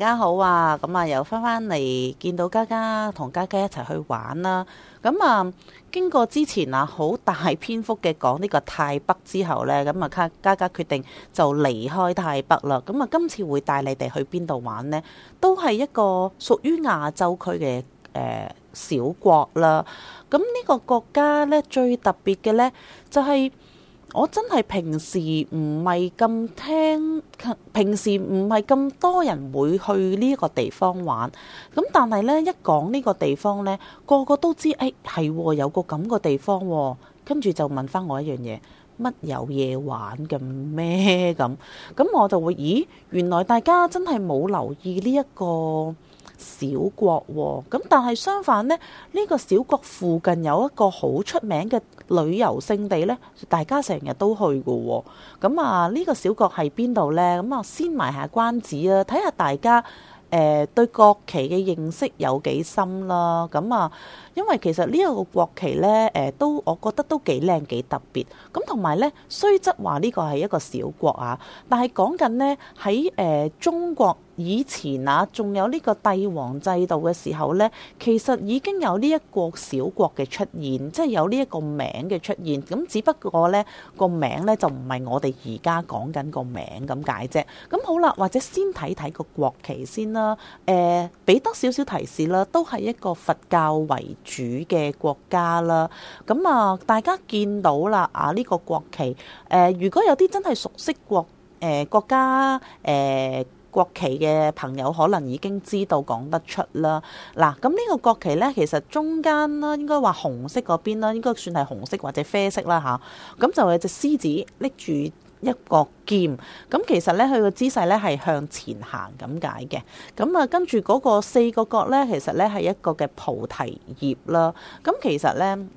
大家好啊！咁啊，又翻翻嚟，見到嘉嘉同嘉嘉一齊去玩啦。咁啊，經過之前啊好大篇幅嘅講呢個泰北之後呢，咁啊，嘉嘉決定就離開泰北啦。咁啊，今次會帶你哋去邊度玩呢？都係一個屬於亞洲區嘅誒、呃、小國啦。咁、啊、呢、呢個國家呢，最特別嘅呢，就係、是。我真係平時唔係咁聽，平時唔係咁多人會去呢個地方玩。咁但係呢，一講呢個地方呢，個個都知，誒、哎、係、哦、有個咁個地方、哦，跟住就問翻我一樣嘢，乜有嘢玩嘅咩？咁咁我就會，咦，原來大家真係冇留意呢、這、一個。小國喎、哦，咁但係相反呢，呢、這個小國附近有一個好出名嘅旅遊勝地呢，大家成日都去㗎喎、哦。咁、嗯、啊，呢、這個小國係邊度呢？咁、嗯、啊，先埋下關子啊，睇下大家誒、呃、對國旗嘅認識有幾深啦。咁、嗯、啊，因為其實呢個國旗呢，誒、呃、都我覺得都幾靚幾特別。咁同埋呢，雖則話呢個係一個小國啊，但係講緊呢，喺誒、呃、中國。以前啊，仲有呢個帝王制度嘅時候呢，其實已經有呢一個小國嘅出現，即係有呢一個名嘅出現。咁只不過呢個名呢，就唔係我哋而家講緊個名咁解啫。咁好啦，或者先睇睇個國旗先啦。誒、呃，俾多少少提示啦，都係一個佛教為主嘅國家啦。咁啊，大家見到啦啊呢、呢個國旗誒、呃，如果有啲真係熟悉國誒、呃、國家誒。呃國旗嘅朋友可能已經知道講得出啦。嗱，咁呢個國旗呢，其實中間啦，應該話紅色嗰邊啦，應該算係紅色或者啡色啦吓，咁、啊、就係隻獅子拎住一個劍，咁其實呢，佢個姿勢呢係向前行咁解嘅。咁啊，跟住嗰個四個角呢，其實呢係一個嘅菩提葉啦。咁其實呢。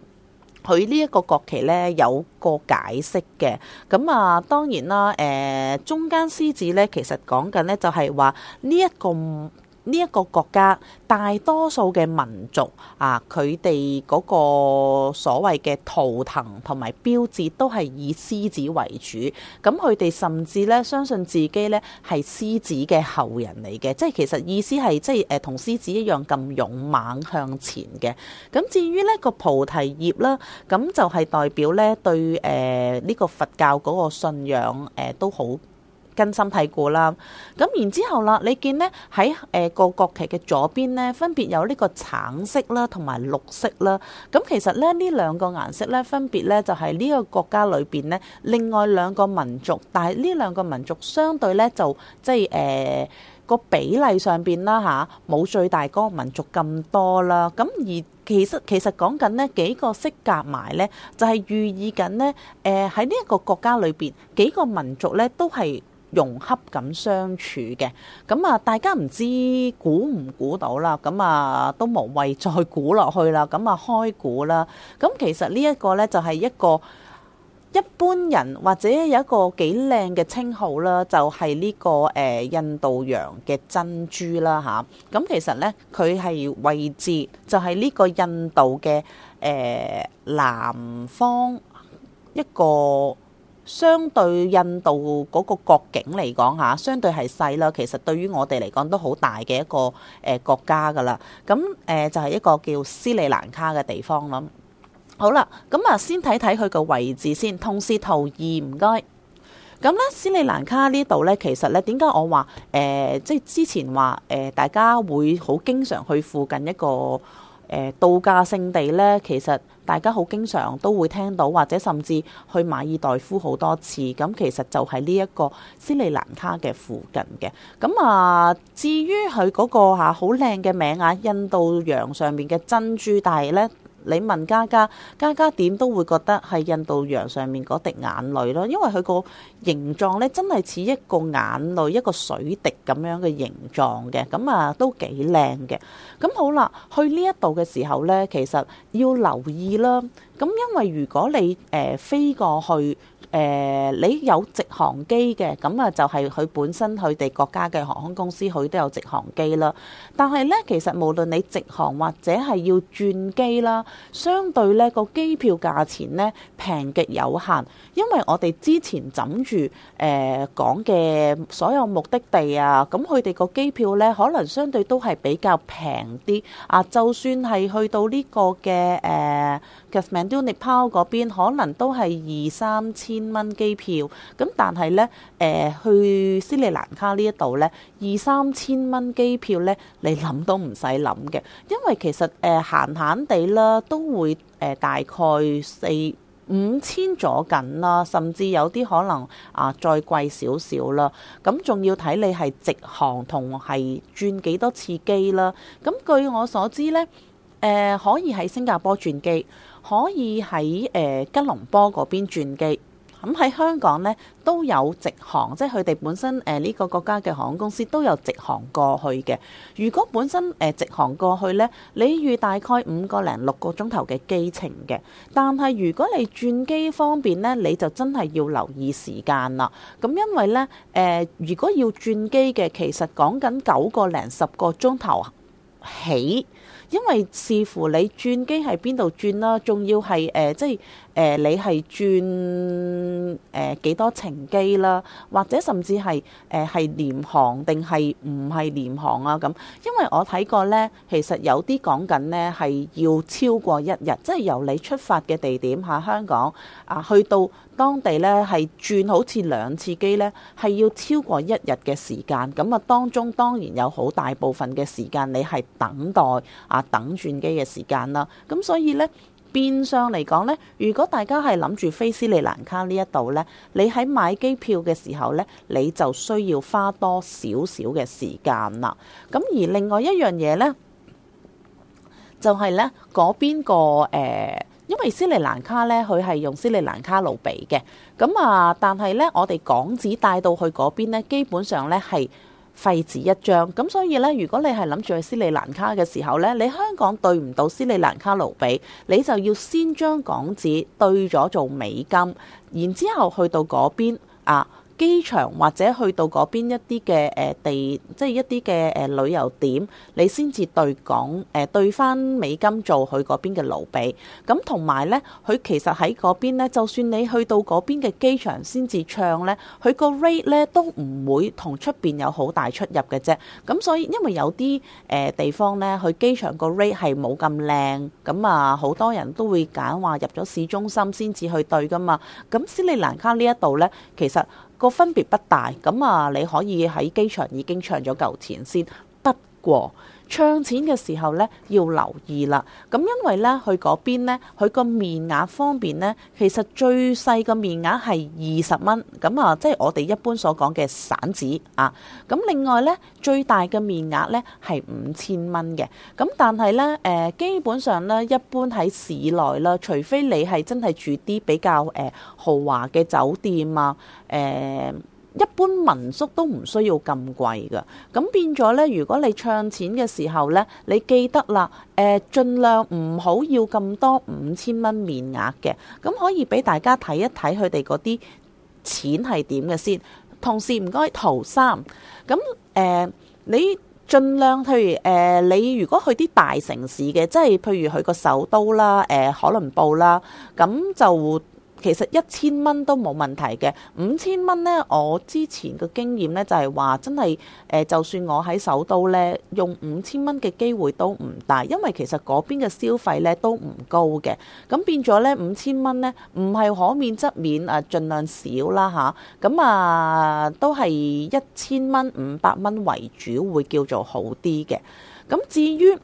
佢呢一個國旗呢有個解釋嘅，咁啊當然啦、呃，誒中間獅子呢其實講緊呢就係話呢一個。呢一個國家大多數嘅民族啊，佢哋嗰個所謂嘅圖騰同埋標誌都係以獅子為主。咁佢哋甚至咧相信自己咧係獅子嘅後人嚟嘅，即係其實意思係即係誒同獅子一樣咁勇猛向前嘅。咁至於呢、這個菩提葉啦，咁就係代表咧對誒呢、呃這個佛教嗰個信仰誒、呃、都好。根深蒂固啦，咁然之後啦，你見咧喺誒個國旗嘅左邊咧，分別有呢個橙色啦，同埋綠色啦。咁其實咧，呢兩個顏色咧，分別咧就係呢個國家裏邊咧，另外兩個民族，但係呢兩個民族相對咧，就即係誒個比例上邊啦嚇，冇最大嗰個民族咁多啦。咁而其實其實講緊咧幾個色夾埋咧，就係寓意緊咧誒喺呢一個國家裏邊幾個民族咧都係。融合咁相處嘅，咁啊大家唔知估唔估到啦，咁啊都無謂再估落去啦，咁啊開估啦。咁其實呢一個呢就係一個一般人或者有一個幾靚嘅稱號啦，就係呢個誒印度洋嘅珍珠啦嚇。咁其實呢佢係位置就係呢個印度嘅誒南方一個。相對印度嗰個國境嚟講嚇，相對係細啦。其實對於我哋嚟講都好大嘅一個誒國家㗎啦。咁誒就係一個叫斯里蘭卡嘅地方啦。好啦，咁啊先睇睇佢個位置先。通視圖二唔該。咁咧斯里蘭卡呢度咧，其實咧點解我話誒、呃，即係之前話誒、呃，大家會好經常去附近一個。誒度假勝地咧，其實大家好經常都會聽到，或者甚至去馬爾代夫好多次，咁其實就係呢一個斯里蘭卡嘅附近嘅。咁啊，至於佢嗰、嗰個好靚嘅名啊，印度洋上面嘅珍珠呢，但係咧。你問嘉嘉，嘉嘉點都會覺得係印度洋上面嗰滴眼淚咯，因為佢個形狀咧，真係似一個眼淚一個水滴咁樣嘅形狀嘅，咁啊都幾靚嘅。咁好啦，去呢一度嘅時候咧，其實要留意啦，咁因為如果你誒、呃、飛過去。誒、呃、你有直航機嘅，咁啊就係佢本身佢哋國家嘅航空公司，佢都有直航機啦。但係咧，其實無論你直航或者係要轉機啦，相對咧個機票價錢咧平極有限。因為我哋之前諗住誒、呃、講嘅所有目的地啊，咁佢哋個機票咧可能相對都係比較平啲。啊，就算係去到呢個嘅誒 Kathmandu 嗰邊，可能都係二三千。千蚊機票，咁但係呢，誒、呃、去斯里蘭卡呢一度呢，二三千蚊機票呢，你諗都唔使諗嘅，因為其實誒、呃、閒閒地啦，都會誒、呃、大概四五千左緊啦，甚至有啲可能啊再貴點點啊少少啦，咁仲要睇你係直航同係轉幾多次機啦。咁、啊、據我所知呢，誒、呃、可以喺新加坡轉機，可以喺誒、呃、吉隆坡嗰邊轉機。咁喺、嗯、香港呢，都有直航，即係佢哋本身誒呢、呃、這個國家嘅航空公司都有直航過去嘅。如果本身誒、呃、直航過去呢，你預大概五個零六個鐘頭嘅機程嘅。但係如果你轉機方面呢，你就真係要留意時間啦。咁、嗯、因為呢誒、呃、如果要轉機嘅，其實講緊九個零十個鐘頭起，因為視乎你轉機喺邊度轉啦，仲要係誒、呃、即係。誒、呃，你係轉誒、呃、幾多程機啦？或者甚至係誒係廉航定係唔係廉航啊？咁，因為我睇過呢，其實有啲講緊呢係要超過一日，即、就、係、是、由你出發嘅地點喺香港啊，去到當地呢，係轉好似兩次機呢，係要超過一日嘅時間。咁啊，當中當然有好大部分嘅時間你係等待啊等轉機嘅時間啦。咁、啊、所以呢。變相嚟講呢，如果大家係諗住飛斯里蘭卡呢一度呢，你喺買機票嘅時候呢，你就需要花多少少嘅時間啦。咁而另外一樣嘢呢，就係呢嗰邊個、呃、因為斯里蘭卡呢，佢係用斯里蘭卡盧比嘅咁啊，但係呢，我哋港紙帶到去嗰邊呢，基本上呢係。廢紙一張，咁所以呢，如果你係諗住去斯里蘭卡嘅時候呢，你香港兌唔到斯里蘭卡盧比，你就要先將港紙兌咗做美金，然之後去到嗰邊啊，機場或者去到嗰邊一啲嘅誒地，即係一啲嘅誒旅遊點，你先至兌港誒兌翻美金做佢嗰邊嘅盧比。咁同埋呢，佢其實喺嗰邊呢，就算你去到嗰邊嘅機場先至唱呢，佢個 rate 呢都唔會同出邊有好大出入嘅啫。咁所以因為有啲誒地方呢，佢機場個 rate 係冇咁靚，咁啊好多人都會揀話入咗市中心先至去兌㗎嘛。咁斯里蘭卡呢一度呢，其實。個分別不大，咁啊你可以喺機場已經唱咗舊錢先，不過。唱錢嘅時候咧，要留意啦。咁因為咧，佢嗰邊咧，佢個面額方面咧，其實最細嘅面額係二十蚊。咁、嗯、啊，即係我哋一般所講嘅散紙啊。咁另外咧，最大嘅面額咧係五千蚊嘅。咁、嗯、但係咧，誒、呃、基本上咧，一般喺市內啦，除非你係真係住啲比較誒、呃、豪華嘅酒店啊，誒、呃。一般民宿都唔需要咁貴噶，咁變咗呢，如果你唱錢嘅時候呢，你記得啦，誒、呃，儘量唔好要咁多五千蚊面額嘅，咁可以俾大家睇一睇佢哋嗰啲錢係點嘅先。同時唔該，圖三，咁誒、呃，你儘量譬如誒、呃，你如果去啲大城市嘅，即係譬如去個首都啦，誒、呃，可倫布啦，咁就。其實一千蚊都冇問題嘅，五千蚊呢，我之前嘅經驗呢，就係話真係誒，就算我喺首都呢，用五千蚊嘅機會都唔大，因為其實嗰邊嘅消費呢都唔高嘅，咁變咗呢，五千蚊呢唔係可免則免啊，盡量少啦吓，咁啊都係一千蚊、五百蚊為主會叫做好啲嘅，咁至於。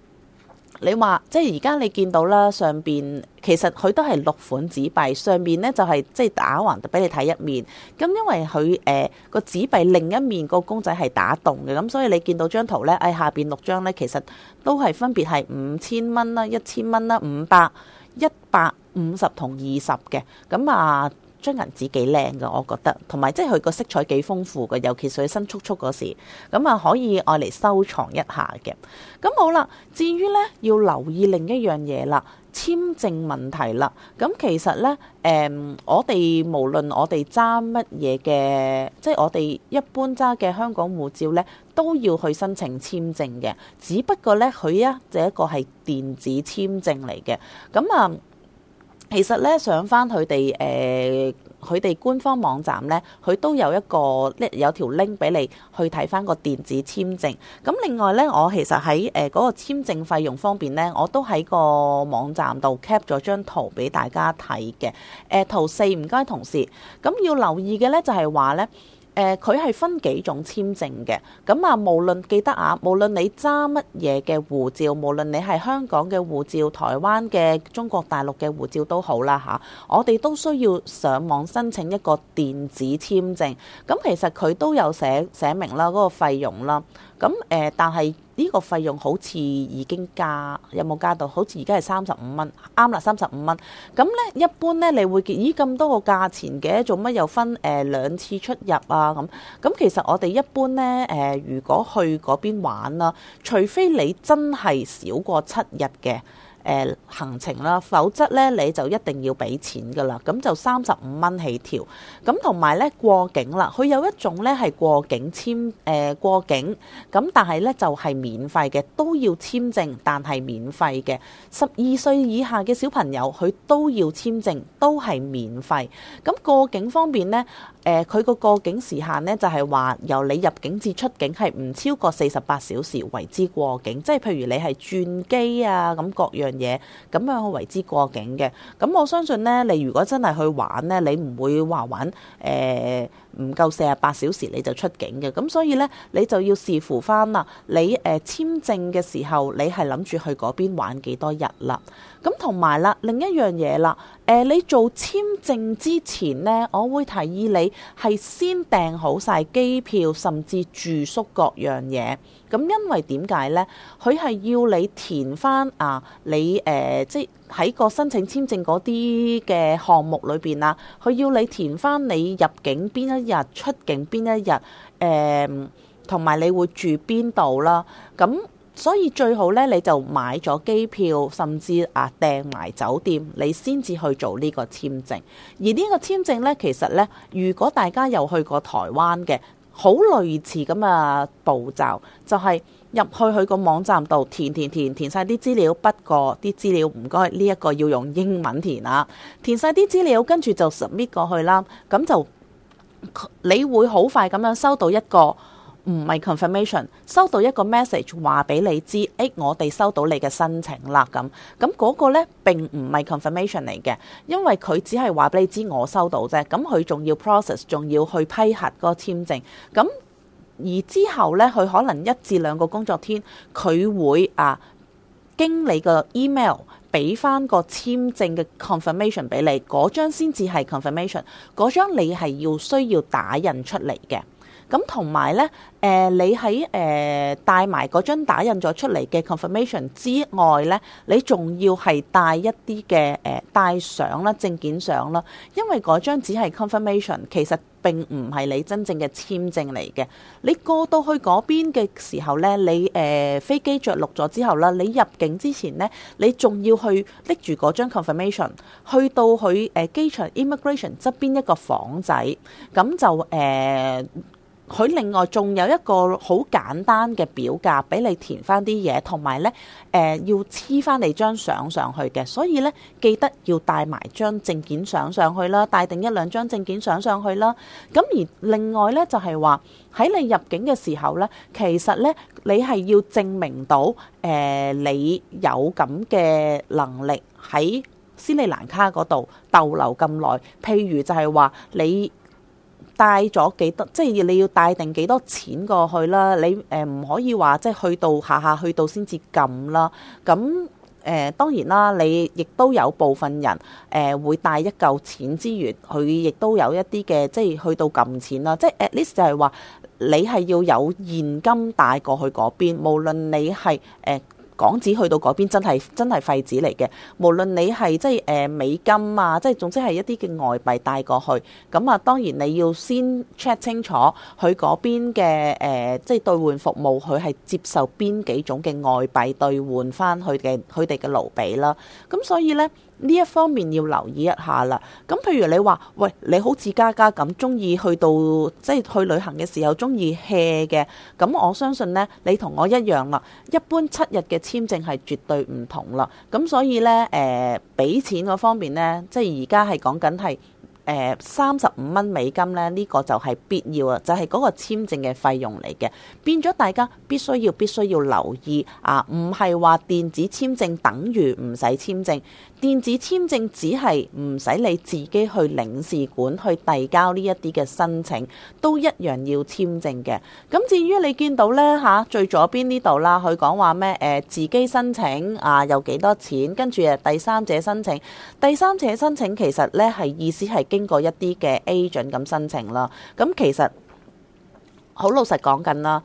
你話即係而家你見到啦，上邊其實佢都係六款紙幣，上面呢就係即係打橫俾你睇一面。咁因為佢誒、呃、個紙幣另一面個公仔係打洞嘅，咁所以你見到張圖呢，誒，下邊六張呢其實都係分別係五千蚊啦、一千蚊啦、五百、一百、五十同二十嘅，咁啊。張銀紙幾靚噶，我覺得，同埋即係佢個色彩幾豐富噶，尤其是佢新簇簇嗰時，咁啊可以愛嚟收藏一下嘅。咁好啦，至於呢，要留意另一樣嘢啦，簽證問題啦。咁其實呢，誒、嗯，我哋無論我哋揸乜嘢嘅，即、就、係、是、我哋一般揸嘅香港護照呢，都要去申請簽證嘅。只不過呢，佢啊，就一個係電子簽證嚟嘅。咁啊。其實咧，上翻佢哋誒，佢、呃、哋官方網站咧，佢都有一個咧，有條 link 俾你去睇翻個電子簽證。咁另外咧，我其實喺誒嗰個簽證費用方面咧，我都喺個網站度 cap 咗張圖俾大家睇嘅。誒、呃、圖四唔該，同事。咁要留意嘅咧，就係話咧。誒佢係分幾種簽證嘅，咁啊無論記得啊，無論你揸乜嘢嘅護照，無論你係香港嘅護照、台灣嘅、中國大陸嘅護照都好啦吓，啊，我哋都需要上網申請一個電子簽證，咁其實佢都有寫寫明啦，嗰、嗰個費用啦，咁誒但係。呢個費用好似已經加，有冇加到？好似而家係三十五蚊，啱啦，三十五蚊。咁呢一般呢，你會建議咁多個價錢嘅，做乜又分誒兩次出入啊？咁咁其實我哋一般呢，誒，如果去嗰邊玩啦，除非你真係少過七日嘅。誒行程啦，否則咧你就一定要俾錢噶啦，咁就三十五蚊起跳。咁同埋咧過境啦，佢有一種咧係過境簽誒、呃、過境，咁但係咧就係、是、免費嘅，都要簽證，但係免費嘅。十二歲以下嘅小朋友佢都要簽證，都係免費。咁過境方面呢，誒佢個過境時限呢，就係、是、話由你入境至出境係唔超過四十八小時為之過境，即係譬如你係轉機啊咁各樣。嘢咁樣去為之過境嘅，咁我相信呢，你如果真係去玩呢，你唔會話玩誒唔、呃、夠四十八小時你就出境嘅，咁所以呢，你就要視乎翻啦，你誒、呃、簽證嘅時候，你係諗住去嗰邊玩幾多日啦，咁同埋啦另一樣嘢啦。誒、呃，你做簽證之前呢，我會提議你係先訂好晒機票，甚至住宿各樣嘢。咁因為點解呢？佢係要你填翻啊，你誒、呃，即係喺個申請簽證嗰啲嘅項目裏邊啦，佢要你填翻你入境邊一日、出境邊一日，誒、呃，同埋你會住邊度啦，咁。所以最好咧，你就買咗機票，甚至啊訂埋酒店，你先至去做呢個簽證。而呢個簽證呢，其實呢，如果大家有去過台灣嘅，好類似咁嘅步驟，就係入去佢個網站度填填填填晒啲資料。不過啲資料唔該，呢一個要用英文填啊，填晒啲資料，跟住就 submit 過去啦。咁就你會好快咁樣收到一個。唔係 confirmation，收到一個 message 話俾你知，誒、欸，我哋收到你嘅申請啦咁，咁嗰、嗰個呢並唔係 confirmation 嚟嘅，因為佢只係話俾你知我收到啫，咁佢仲要 process，仲要去批核個簽證，咁而之後呢，佢可能一至兩個工作天，佢會啊經你 email，個 email 俾翻個簽證嘅 confirmation 俾你，嗰張先至係 confirmation，嗰張你係要需要打印出嚟嘅。咁同埋咧，誒、呃、你喺誒、呃、帶埋嗰張打印咗出嚟嘅 confirmation 之外咧，你仲要係帶一啲嘅誒帶相啦、證件相啦，因為嗰張只係 confirmation，其實並唔係你真正嘅簽證嚟嘅。你過到去嗰邊嘅時候咧，你誒、呃、飛機着陸咗之後啦，你入境之前咧，你仲要去拎住嗰張 confirmation 去到去誒、呃、機場 immigration 側邊一個房仔，咁就誒。呃佢另外仲有一個好簡單嘅表格俾你填翻啲嘢，同埋呢誒、呃、要黐翻你張相上去嘅，所以呢，記得要帶埋張證件相上去啦，帶定一兩張證件相上去啦。咁而另外呢，就係話喺你入境嘅時候呢，其實呢，你係要證明到誒、呃、你有咁嘅能力喺斯里蘭卡嗰度逗留咁耐，譬如就係話你。帶咗幾多，即係你要帶定幾多錢過去啦？你誒唔可以話即係去到下下去到先至撳啦。咁誒、呃、當然啦，你亦都有部分人誒、呃、會帶一嚿錢之餘，佢亦都有一啲嘅即係去到撳錢啦。即係 at least 就係話你係要有現金帶過去嗰邊，無論你係誒。呃港紙去到嗰邊真係真係廢紙嚟嘅，無論你係即係誒美金啊，即係總之係一啲嘅外幣帶過去，咁啊當然你要先 check 清楚佢嗰邊嘅誒、呃，即係兌換服務佢係接受邊幾種嘅外幣兌換返佢嘅佢哋嘅盧比啦，咁所以呢。呢一方面要留意一下啦。咁譬如你話，喂，你好似嘉嘉咁中意去到即係去旅行嘅時候中意 hea 嘅，咁我相信呢，你同我一樣啦。一般七日嘅簽證係絕對唔同啦。咁所以呢，誒、呃，俾錢嗰方面呢，即係而家係講緊係。誒三十五蚊美金咧，呢、這個就係必要啊！就係、是、嗰個簽證嘅費用嚟嘅，變咗大家必須要必須要留意啊！唔係話電子簽證等於唔使簽證，電子簽證只係唔使你自己去領事館去遞交呢一啲嘅申請，都一樣要簽證嘅。咁至於你見到呢，吓、啊、最左邊呢度啦，佢講話咩誒自己申請啊有幾多錢，跟住誒第三者申請，第三者申請其實呢係意思係經過一啲嘅 agent 咁申請啦，咁其實好老實講緊啦，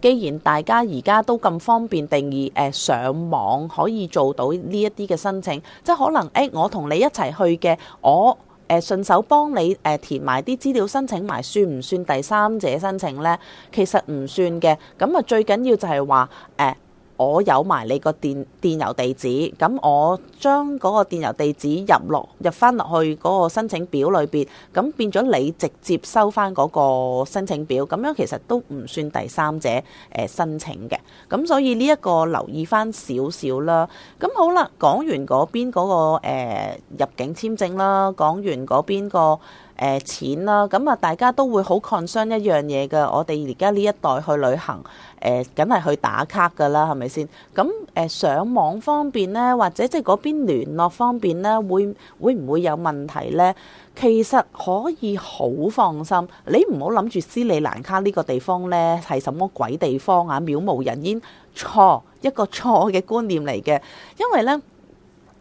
既然大家而家都咁方便定義，誒，上網可以做到呢一啲嘅申請，即係可能誒、欸，我同你一齊去嘅，我誒順、呃、手幫你誒、呃、填埋啲資料申請埋，算唔算第三者申請呢？其實唔算嘅，咁啊最緊要就係話誒。呃我有埋你個電電郵地址，咁我將嗰個電郵地址入落入翻落去嗰個申請表裏邊，咁變咗你直接收翻嗰個申請表，咁樣其實都唔算第三者誒申請嘅，咁所以呢一個留意翻少少啦。咁好啦，講完嗰邊嗰、嗰個誒、呃、入境簽證啦，講完嗰邊、嗰個。誒、呃、錢啦、啊，咁啊大家都會好 concern 一樣嘢嘅。我哋而家呢一代去旅行，誒梗係去打卡㗎啦，係咪先？咁、嗯、誒、呃、上網方面呢，或者即係嗰邊聯絡方面呢，會會唔會有問題呢？其實可以好放心，你唔好諗住斯里蘭卡呢個地方呢係什麼鬼地方啊，渺無人煙，錯一個錯嘅觀念嚟嘅，因為呢。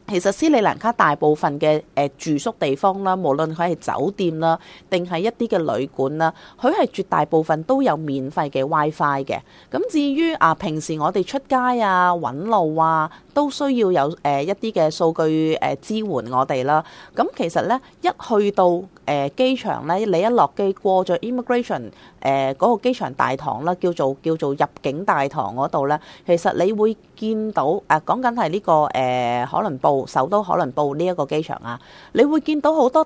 其實斯里蘭卡大部分嘅誒住宿地方啦，無論佢係酒店啦，定係一啲嘅旅館啦，佢係絕大部分都有免費嘅 WiFi 嘅。咁至於啊，平時我哋出街啊，揾路啊，都需要有誒一啲嘅數據誒支援我哋啦。咁其實呢，一去到誒機場呢，你一落機過咗 immigration 誒、呃、嗰、那個機場大堂啦，叫做叫做入境大堂嗰度呢，其實你會見到誒講緊係呢個誒、呃、可能倫坡，首都可能倫坡呢一個機場啊，你會見到好多，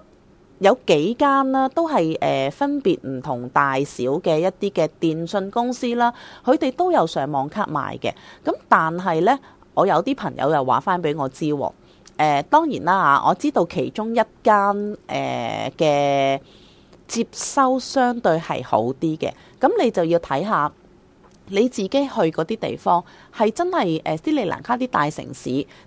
有幾間啦，都係誒分別唔同大小嘅一啲嘅電信公司啦，佢哋都有上網卡賣嘅。咁但係呢。我有啲朋友又話翻俾我知，誒、呃、當然啦，我知道其中一間誒嘅、呃、接收相對係好啲嘅，咁你就要睇下你自己去嗰啲地方係真係誒斯里蘭卡啲大城市，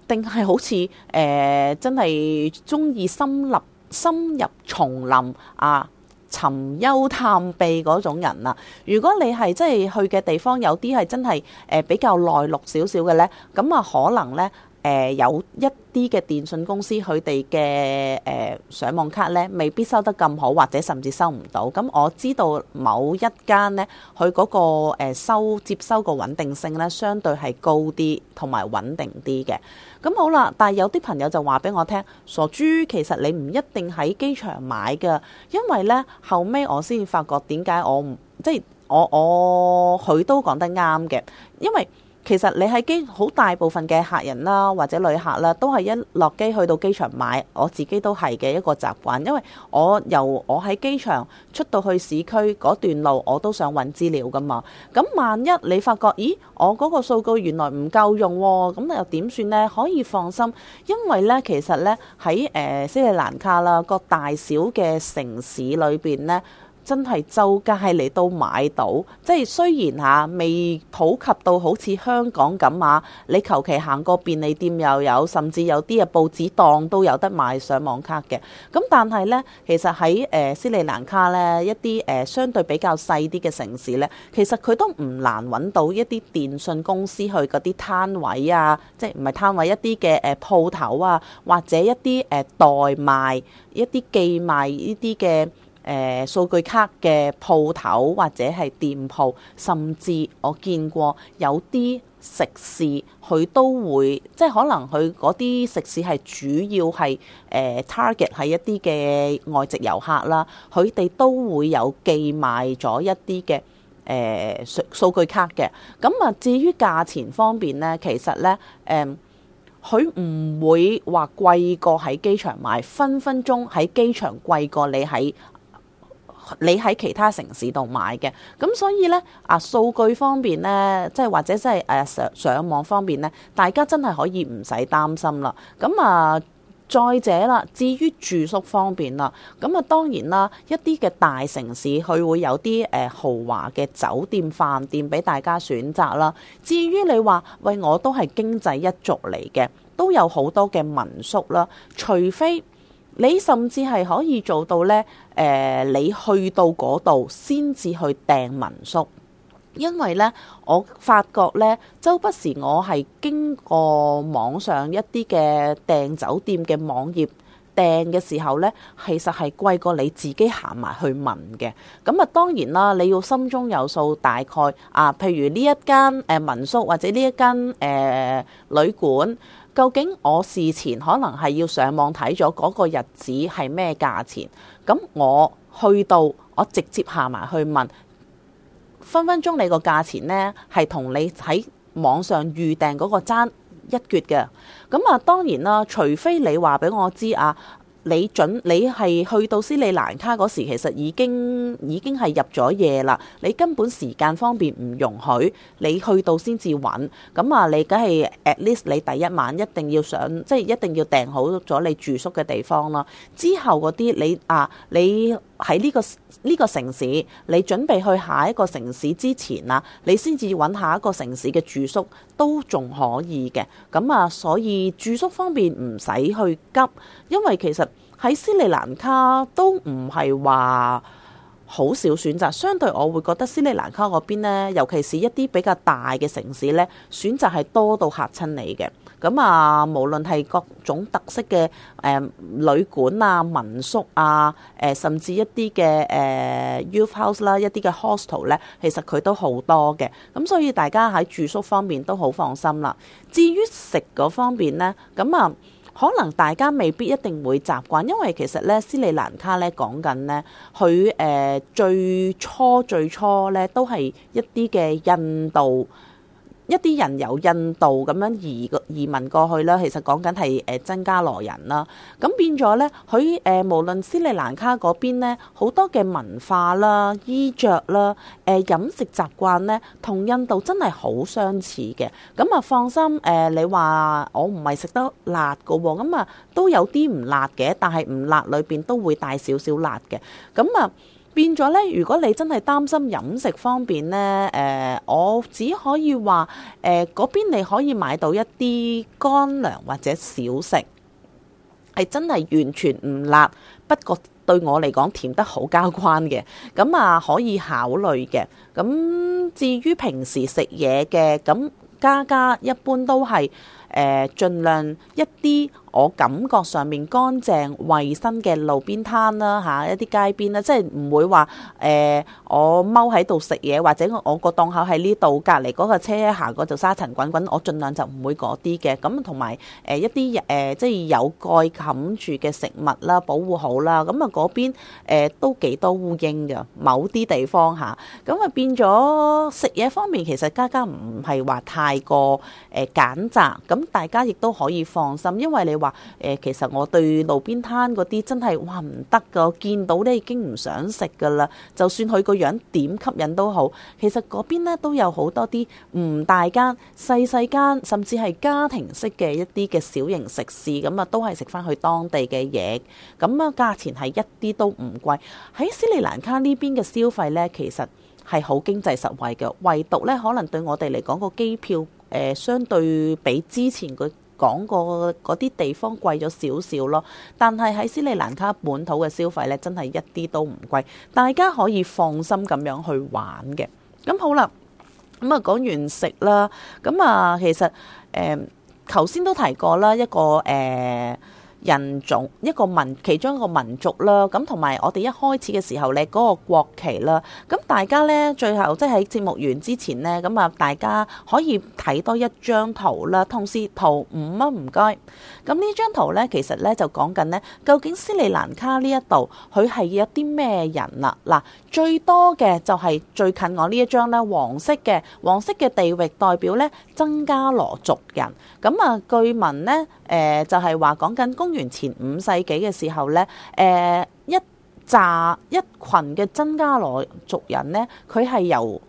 定係好似誒、呃、真係中意深入深入叢林啊？尋幽探秘嗰種人啦，啊，如果你係即係去嘅地方有啲係真係誒比較內陸少少嘅呢，咁啊可能呢。誒、呃、有一啲嘅電信公司佢哋嘅誒上網卡呢未必收得咁好，或者甚至收唔到。咁我知道某一間呢，佢嗰個收接收個穩定性呢，相對係高啲，同埋穩定啲嘅。咁好啦，但係有啲朋友就話俾我聽，傻豬其實你唔一定喺機場買㗎，因為呢後尾我先發覺點解我唔即係我我佢都講得啱嘅，因為。其實你喺機好大部分嘅客人啦，或者旅客啦，都係一落機去到機場買，我自己都係嘅一個習慣，因為我由我喺機場出到去市區嗰段路，我都想搵資料㗎嘛。咁萬一你發覺，咦，我嗰個數據原來唔夠用，啊，咁又點算呢？可以放心，因為呢，其實呢，喺誒、呃、斯里蘭卡啦，各大小嘅城市裏邊呢。真係周街係嚟都買到，即係雖然嚇、啊、未普及到好似香港咁啊，你求其行個便利店又有，甚至有啲啊報紙檔都有得賣上網卡嘅。咁但係呢，其實喺誒斯里蘭卡呢，一啲誒相對比較細啲嘅城市呢，其實佢都唔難揾到一啲電信公司去嗰啲攤位啊，即係唔係攤位一啲嘅誒鋪頭啊，或者一啲誒代賣、一啲寄賣呢啲嘅。誒數據卡嘅鋪頭或者係店鋪，甚至我見過有啲食肆，佢都會即係可能佢嗰啲食肆係主要係誒、呃、target 係一啲嘅外籍遊客啦，佢哋都會有寄賣咗一啲嘅誒數數據卡嘅。咁啊，至於價錢方面呢，其實呢，誒、嗯，佢唔會話貴過喺機場買，分分鐘喺機場貴過你喺。你喺其他城市度買嘅，咁所以呢，啊數據方面呢，即係或者即係誒上上網方面呢，大家真係可以唔使擔心啦。咁啊，再者啦，至於住宿方面啦，咁啊當然啦，一啲嘅大城市佢會有啲誒、啊、豪華嘅酒店飯店俾大家選擇啦。至於你話喂，我都係經濟一族嚟嘅，都有好多嘅民宿啦，除非。你甚至係可以做到呢，誒、呃，你去到嗰度先至去訂民宿，因為呢，我發覺呢，周不時我係經過網上一啲嘅訂酒店嘅網頁訂嘅時候呢，其實係貴過你自己行埋去問嘅。咁啊，當然啦，你要心中有數，大概啊，譬如呢一間誒、呃、民宿或者呢一間誒、呃、旅館。究竟我事前可能係要上網睇咗嗰個日子係咩價錢，咁我去到我直接下埋去問，分分鐘你個價錢咧係同你喺網上預訂嗰個爭一決嘅。咁啊當然啦，除非你話俾我知啊。你準你係去到斯里蘭卡嗰時，其實已經已經係入咗夜啦。你根本時間方面唔容許，你去到先至揾。咁啊，你梗係 at least 你第一晚一定要上，即係一定要訂好咗你住宿嘅地方啦。之後嗰啲你啊你。啊你喺呢個呢個城市，你準備去下一個城市之前啦，你先至揾下一個城市嘅住宿都仲可以嘅。咁啊，所以住宿方面唔使去急，因為其實喺斯里蘭卡都唔係話好少選擇，相對我會覺得斯里蘭卡嗰邊呢，尤其是一啲比較大嘅城市呢，選擇係多到嚇親你嘅。咁啊，無論係各種特色嘅誒、呃、旅館啊、民宿啊，誒甚至一啲嘅誒 youth house 啦、一啲嘅 hostel 呢，其實佢都好多嘅。咁所以大家喺住宿方面都好放心啦。至於食嗰方面呢，咁啊。可能大家未必一定會習慣，因為其實咧斯里蘭卡咧講緊咧，佢誒、呃、最初最初咧都係一啲嘅印度。一啲人由印度咁樣移移民過去啦，其實講緊係誒增加羅人啦。咁變咗咧，佢誒、呃、無論斯里蘭卡嗰邊咧，好多嘅文化啦、衣着啦、誒、呃、飲食習慣咧，同印度真係好相似嘅。咁啊，放心誒、呃，你話我唔係食得辣㗎喎，啊，咁啊都有啲唔辣嘅，但係唔辣裏邊都會帶少少辣嘅。咁啊。變咗咧，如果你真係擔心飲食方面呢，誒、呃，我只可以話，誒、呃，嗰邊你可以買到一啲乾糧或者小食，係真係完全唔辣，不過對我嚟講甜得好交關嘅，咁啊可以考慮嘅。咁至於平時食嘢嘅，咁家家一般都係誒，儘、呃、量一啲。我感覺上面乾淨衞生嘅路邊攤啦嚇、啊，一啲街邊啦，即係唔會話誒、呃、我踎喺度食嘢，或者我個檔口喺呢度隔離嗰個車行嗰度沙塵滾滾，我盡量就唔會嗰啲嘅。咁同埋誒一啲誒、呃、即係有蓋冚住嘅食物啦、啊，保護好啦。咁啊嗰邊、呃、都幾多烏蠅㗎，某啲地方嚇。咁啊變咗食嘢方面，其實家家唔係話太過誒、呃、揀擇，咁大家亦都可以放心，因為你。話誒，其實我對路邊攤嗰啲真係哇唔得噶，見到咧已經唔想食噶啦。就算佢個樣點吸引都好，其實嗰邊呢都有好多啲唔大間、細細間，甚至係家庭式嘅一啲嘅小型食肆，咁啊都係食翻去當地嘅嘢。咁啊，價錢係一啲都唔貴。喺斯里蘭卡呢邊嘅消費呢，其實係好經濟實惠嘅。唯獨呢，可能對我哋嚟講個機票誒、呃，相對比之前講過嗰啲地方貴咗少少咯，但係喺斯里蘭卡本土嘅消費呢，真係一啲都唔貴，大家可以放心咁樣去玩嘅。咁、嗯、好啦，咁、嗯、啊講完食啦，咁、嗯、啊其實誒，頭、呃、先都提過啦，一個誒。呃人種一個民其中一個民族啦，咁同埋我哋一開始嘅時候咧，嗰個國旗啦，咁大家咧最後即係喺節目完之前呢，咁啊大家可以睇多一張圖啦，通識圖五啊唔該，咁呢張圖咧其實咧就講緊呢，究竟斯里蘭卡呢一度佢係一啲咩人啦？嗱，最多嘅就係最近我呢一張咧黃色嘅黃色嘅地域代表咧，僧伽羅族人，咁啊據聞呢。誒、呃、就係話講緊公元前五世紀嘅時候呢，誒一扎一群嘅僧伽羅族人呢，佢係由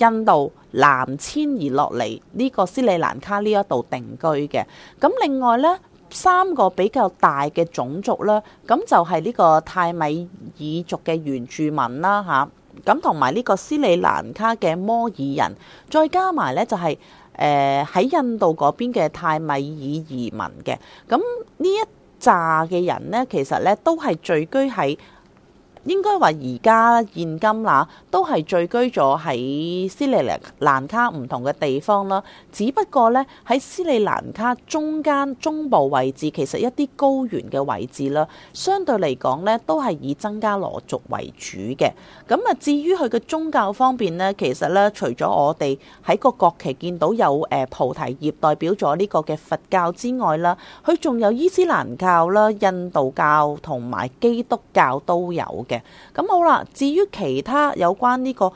印度南遷而落嚟呢個斯里蘭卡呢一度定居嘅。咁另外呢，三個比較大嘅種族啦，咁就係、是、呢個泰米爾族嘅原住民啦，吓、啊，咁同埋呢個斯里蘭卡嘅摩爾人，再加埋呢就係、是。誒喺印度嗰邊嘅泰米爾移民嘅，咁呢一紮嘅人咧，其實咧都係聚居喺。應該話而家現今啦，都係聚居咗喺斯里蘭卡唔同嘅地方啦。只不過呢，喺斯里蘭卡中間中部位置，其實一啲高原嘅位置啦，相對嚟講呢，都係以僧伽羅族為主嘅。咁啊，至於佢嘅宗教方面呢，其實呢，除咗我哋喺個國旗見到有誒、呃、菩提葉代表咗呢個嘅佛教之外啦，佢仲有伊斯蘭教啦、印度教同埋基督教都有嘅。咁好啦，至於其他有關呢個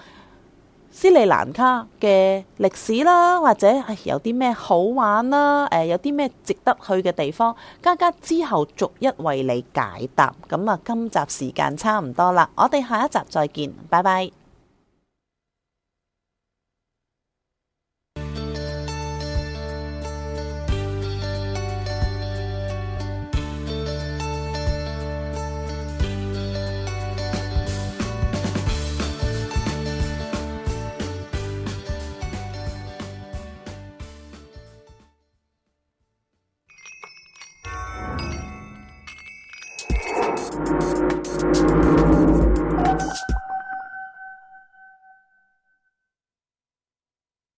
斯里蘭卡嘅歷史啦，或者、哎、有啲咩好玩啦，誒、呃，有啲咩值得去嘅地方，嘉嘉之後逐一為你解答。咁啊，今集時間差唔多啦，我哋下一集再見，拜拜。